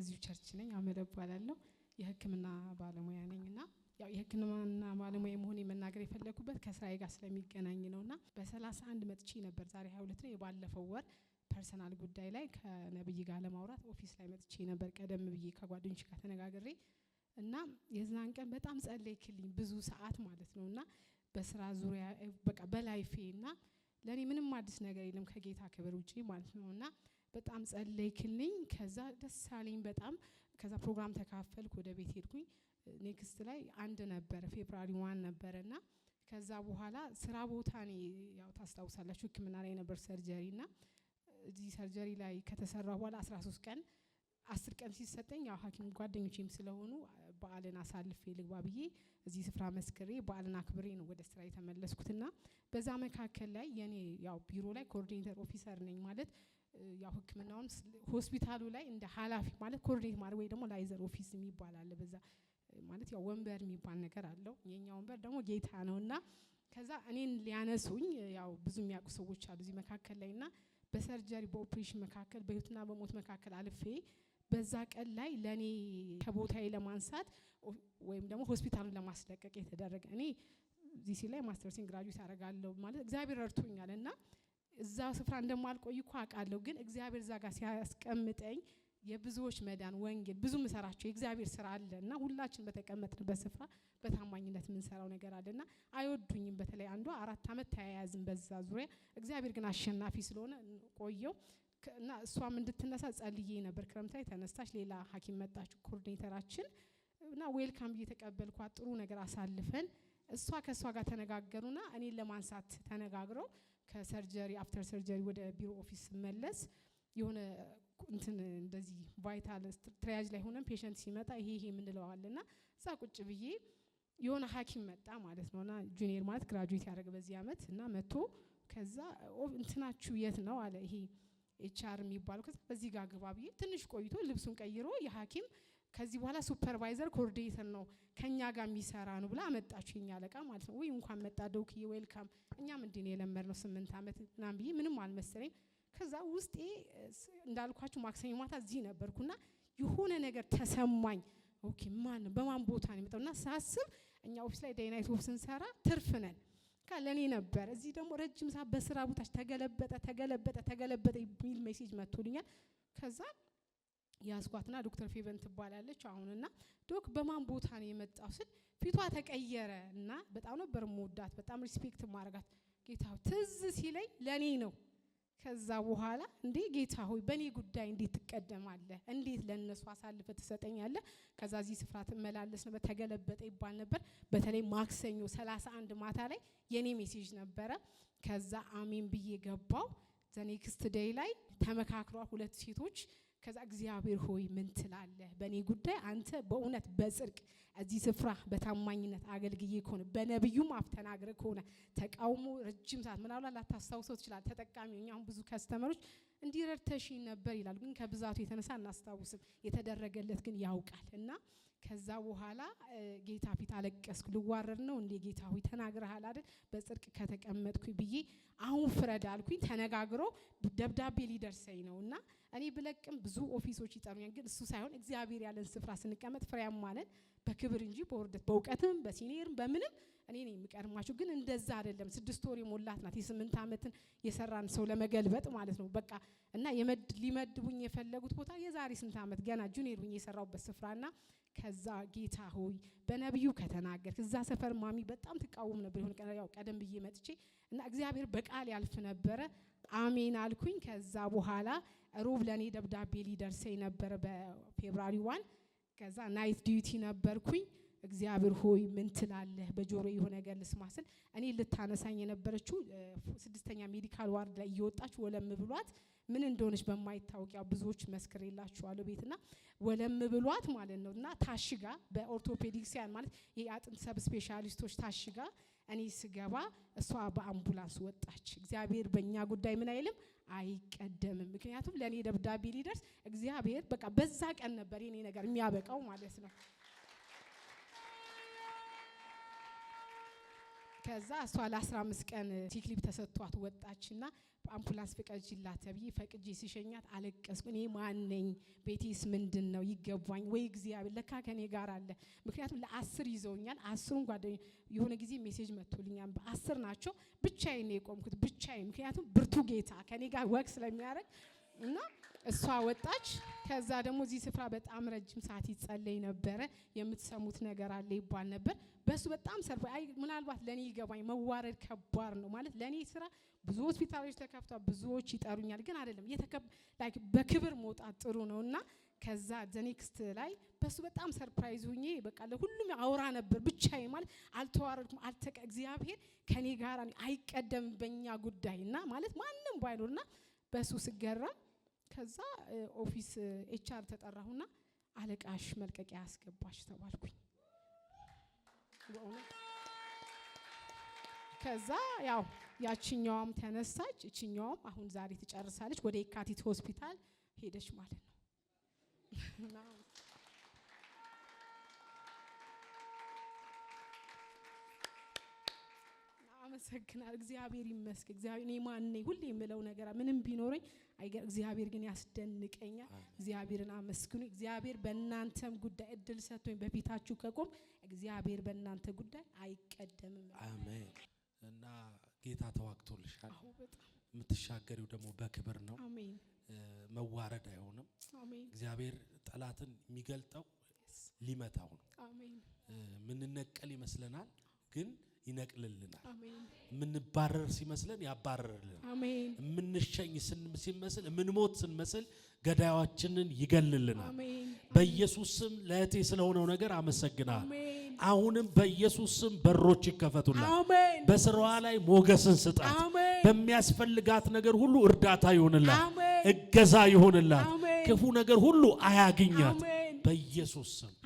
እዚሁ ቸርች ነኝ። አመደ የህክምና ባለሙያ ነኝ ና ያው የህክምና ባለሙያ መሆን መናገር የፈለግኩበት ከስራዬ ጋር ስለሚገናኝ ነው ና በሰላሳ አንድ መጥቼ ነበር ዛሬ ሀያ ሁለት ነው የባለፈው ወር ፐርሰናል ጉዳይ ላይ ከነብይ ጋር ለማውራት ኦፊስ ላይ መጥቼ ነበር ቀደም ብዬ ከጓደኞች ጋር ተነጋግሬ እና የዛን ቀን በጣም ጸለይክልኝ ብዙ ሰዓት ማለት ነው እና በስራ ዙሪያ በቃ በላይፌ እና ለእኔ ምንም አዲስ ነገር የለም ከጌታ ክብር ውጪ ማለት ነው እና በጣም ጸለይክልኝ። ከዛ ደስ አለኝ በጣም። ከዛ ፕሮግራም ተካፈልኩ፣ ወደ ቤት ሄድኩኝ። ኔክስት ላይ አንድ ነበረ ፌብራሪ ዋን ነበረ እና ከዛ በኋላ ስራ ቦታ እኔ ያው ታስታውሳላችሁ ሕክምና ላይ ነበር ሰርጀሪ እና እዚህ ሰርጀሪ ላይ ከተሰራ በኋላ 13 ቀን አስር ቀን ሲሰጠኝ ያው ሐኪም ጓደኞቼም ስለሆኑ በዓልን አሳልፌ ልግባ ብዬ እዚህ ስፍራ መስክሬ በዓልን አክብሬ ነው ወደ ስራ የተመለስኩትና በዛ መካከል ላይ የኔ ያው ቢሮ ላይ ኮኦርዲኔተር ኦፊሰር ነኝ ማለት ያው ሕክምናውን ሆስፒታሉ ላይ እንደ ኃላፊ ማለት ኮርዲኔት ማድረግ ወይ ደግሞ ላይዘር ኦፊስ የሚባል አለ። በዛ ማለት ያው ወንበር የሚባል ነገር አለው። የኛ ወንበር ደግሞ ጌታ ነው እና ከዛ እኔን ሊያነሱኝ ያው ብዙ የሚያውቁ ሰዎች አሉ እዚህ መካከል ላይ እና በሰርጀሪ በኦፕሬሽን መካከል በህይወትና በሞት መካከል አልፌ በዛ ቀን ላይ ለእኔ ከቦታዬ ለማንሳት ወይም ደግሞ ሆስፒታሉን ለማስለቀቅ የተደረገ እኔ ዚሲ ላይ ማስተርሲን ግራጁዌት አደርጋለሁ ማለት እግዚአብሔር እርቶኛል እና እዛ ስፍራ እንደማልቆይ እኮ አውቃለሁ፣ ግን እግዚአብሔር እዛ ጋር ሲያስቀምጠኝ የብዙዎች መዳን ወንጌል ብዙ ምሰራቸው የእግዚአብሔር ስራ አለ እና ሁላችን በተቀመጥንበት ስፍራ በታማኝነት የምንሰራው ነገር አለ እና አይወዱኝም። በተለይ አንዷ አራት ዓመት ተያያዝን በዛ ዙሪያ። እግዚአብሔር ግን አሸናፊ ስለሆነ ቆየው እና እሷም እንድትነሳ ጸልዬ ነበር። ክረምት ላይ ተነሳች። ሌላ ሐኪም መጣች ኮርዲኔተራችን እና ዌልካም እየተቀበልኳት ጥሩ ነገር አሳልፈን እሷ ከእሷ ጋር ተነጋገሩና እኔን ለማንሳት ተነጋግረው ከሰርጀሪ አፍተር ሰርጀሪ ወደ ቢሮ ኦፊስ ስመለስ የሆነ እንትን እንደዚህ ቫይታል ትሪያጅ ላይ ሆነን ፔሸንት ሲመጣ ይሄ ይሄ የምንለው ና እዛ ቁጭ ብዬ የሆነ ሐኪም መጣ ማለት ና ጁኒየር ማለት ግራጁዌት ያደረገ በዚህ አመት እና መቶ ከዛ እንትናችሁ የት ነው አለ ይሄ ኤችአር የሚባለው ከዛ በዚህ ጋር ግባ ብዬ ትንሽ ቆይቶ ልብሱን ቀይሮ የሐኪም ከዚህ በኋላ ሱፐርቫይዘር ኮርዲኔተር ነው ከኛ ጋር የሚሰራ ነው ብላ አመጣችሁ የኛ አለቃ ማለት ነው። ወይ እንኳን መጣ ደውክ ዌልካም። እኛም እንዲህ ነው የለመድነው ስምንት ዓመት ምናምን ብዬ ምንም አልመሰለኝ። ከዛ ውስጤ እንዳልኳችሁ ማክሰኞ ማታ እዚህ ነበርኩና የሆነ ነገር ተሰማኝ። ኦኬ ማን በማን ቦታ ነው የመጣው? እና ሳስብ እኛ ኦፊስ ላይ ዳይናይት ኦፍ ስንሰራ ትርፍ ነን ለእኔ ነበር። እዚህ ደግሞ ረጅም ሰዓት በስራ ቦታች ተገለበጠ ተገለበጠ ተገለበጠ የሚል ሜሴጅ መጥቶልኛል። ከዛ ያዝኳትና ዶክተር ፌቨን ትባላለች አሁንና ዶክ በማን ቦታ ነው የመጣው ስል ፊቷ ተቀየረ እና በጣም ነበር መወዳት፣ በጣም ሪስፔክት ማድረጋት። ጌታ ትዝ ሲለኝ ለእኔ ነው። ከዛ በኋላ እንዴ ጌታ ሆይ በእኔ ጉዳይ እንዴት ትቀደማለህ? እንዴት ለእነሱ አሳልፈ ትሰጠኛለህ? ከዛ ዚህ ስፍራ ትመላለስ ነበር ተገለበጠ ይባል ነበር። በተለይ ማክሰኞ ሰላሳ አንድ ማታ ላይ የእኔ ሜሴጅ ነበረ። ከዛ አሜን ብዬ ገባው። ዘኔክስት ደይ ላይ ተመካክሯ ሁለት ሴቶች ከዛ እግዚአብሔር ሆይ ምን ትላለህ በእኔ ጉዳይ? አንተ በእውነት በጽድቅ እዚህ ስፍራ በታማኝነት አገልግዬ ከሆነ በነቢዩም አፍ ተናግረ ከሆነ ተቃውሞ ረጅም ሰዓት ምናምን ላታስታውሰው ትችላል። ተጠቃሚ አሁን ብዙ ከስተመሮች እንዲረድተሽ ነበር ይላሉ፣ ግን ከብዛቱ የተነሳ እናስታውስም። የተደረገለት ግን ያውቃል እና ከዛ በኋላ ጌታ ፊት አለቀስኩ። ልዋረድ ነው እንዴ ጌታ ሆይ ተናግረሃል አይደል? በጽድቅ ከተቀመጥኩ ብዬ አሁን ፍረድ አልኩኝ። ተነጋግሮ ደብዳቤ ሊደርሰኝ ነው እና እኔ ብለቅም ብዙ ኦፊሶች ይጠሩኛል። ግን እሱ ሳይሆን እግዚአብሔር ያለን ስፍራ ስንቀመጥ ፍሬያማ ነን በክብር እንጂ በውርደት በእውቀትም በሲኒየርም በምንም እኔ ነኝ የምቀድማችሁ። ግን እንደዛ አይደለም። ስድስት ወር የሞላት ናት የስምንት ዓመትን የሰራን ሰው ለመገልበጥ ማለት ነው። በቃ እና ሊመድቡኝ የፈለጉት ቦታ የዛሬ ስንት ዓመት ገና ጁኒየር ሁኝ የሰራውበት ስፍራና ከዛ ጌታ ሆይ በነቢዩ ከተናገርክ እዛ ሰፈር ማሚ በጣም ትቃወም ነበር። የሆነ ያው ቀደም ብዬ መጥቼ እና እግዚአብሔር በቃል ያልፍ ነበረ። አሜን አልኩኝ። ከዛ በኋላ ሮብ ለእኔ ደብዳቤ ሊደርሰኝ ነበረ በፌብራሪ ዋን። ከዛ ናይት ዲዩቲ ነበርኩኝ እግዚአብሔር ሆይ ምን ትላለህ? በጆሮ የሆነ ነገር ልስማ ስል እኔ ልታነሳኝ የነበረችው ስድስተኛ ሜዲካል ዋርድ ላይ እየወጣች ወለም ብሏት ምን እንደሆነች በማይታወቅ ያው ብዙዎች መስክር የላችኋለሁ ቤትና ወለም ብሏት ማለት ነው እና ታሽጋ በኦርቶፔዲክሲያን ማለት የአጥንት ሰብ ስፔሻሊስቶች ታሽጋ እኔ ስገባ እሷ በአምቡላንስ ወጣች። እግዚአብሔር በእኛ ጉዳይ ምን አይልም አይቀደምም። ምክንያቱም ለእኔ ደብዳቤ ሊደርስ እግዚአብሔር በቃ በዛ ቀን ነበር የኔ ነገር የሚያበቃው ማለት ነው። ከዛ እሷ ለ15 ቀን ቲክሊፕ ተሰጥቷት ወጣች ወጣችና አምቡላንስ ፍቀጅላት ተብዬ ፈቅጄ ሲሸኛት አለቀስኩ። እኔ ማነኝ? ቤቴስ ምንድን ነው? ይገባኝ ወይ እግዚአብሔር ለካ ከኔ ጋር አለ። ምክንያቱም ለአስር ይዘውኛል። አስሩን ጓደኛ የሆነ ጊዜ ሜሴጅ መጥቶልኛል። በአስር ናቸው ብቻዬን የቆምኩት ብቻዬን። ምክንያቱም ብርቱ ጌታ ከኔ ጋር ወቅ ስለሚያደርግ እና እሷ ወጣች። ከዛ ደግሞ እዚህ ስፍራ በጣም ረጅም ሰዓት ይጸለይ ነበረ። የምትሰሙት ነገር አለ ይባል ነበር። በእሱ በጣም ሰርባ ምናልባት ለእኔ ይገባኝ። መዋረድ ከባድ ነው ማለት ለእኔ ስራ ብዙ ሆስፒታሎች ተከፍቷል፣ ብዙዎች ይጠሩኛል። ግን አይደለም በክብር መውጣት ጥሩ ነው እና ከዛ ዘኔክስት ላይ በሱ በጣም ሰርፕራይዝ ሁኜ በቃ ለሁሉም አውራ ነበር ብቻዬ ማለት አልተዋረድኩም፣ አልተቀ እግዚአብሔር ከኔ ጋር አይቀደም በእኛ ጉዳይ እና ማለት ማንም ባይኖርና በሱ ስገረም ከዛ ኦፊስ ኤችአር ተጠራሁና አለቃሽ መልቀቂያ አስገባሽ ተባልኩኝ። ከዛ ያው ያችኛዋም ተነሳች፣ እችኛዋም አሁን ዛሬ ትጨርሳለች። ወደ የካቲት ሆስፒታል ሄደች ማለት ነው። አመሰግናል። እግዚአብሔር ይመስገን። እግዚአብሔር እኔ ማን ነኝ? ሁሌ የምለው ነገር ምንም ቢኖረኝ አይገር እግዚአብሔር ግን ያስደንቀኛል። እግዚአብሔርን አመስግኑ። እግዚአብሔር በእናንተም ጉዳይ እድል ሰጥቶኝ በፊታችሁ ከቆም እግዚአብሔር በእናንተ ጉዳይ አይቀደምም። አሜን። እና ጌታ ተዋግቶልሻል። የምትሻገሪው ደግሞ በክብር ነው። አሜን። መዋረድ አይሆንም። እግዚአብሔር ጠላትን የሚገልጠው ሊመታው ነው። አሜን። ምንነቀል ይመስለናል ግን ይነቅልልናል። የምንባረር ሲመስለን ያባረርልናል። የምንሸኝ ሲመስል የምንሞት ስንመስል ገዳያችንን ይገልልናል። በኢየሱስ ስም ለእቴ ስለሆነው ነገር አመሰግናል። አሁንም በኢየሱስ ስም በሮች ይከፈቱላት። በስራዋ ላይ ሞገስን ስጣት። በሚያስፈልጋት ነገር ሁሉ እርዳታ ይሆንላት፣ እገዛ ይሆንላት። ክፉ ነገር ሁሉ አያግኛት በኢየሱስ ስም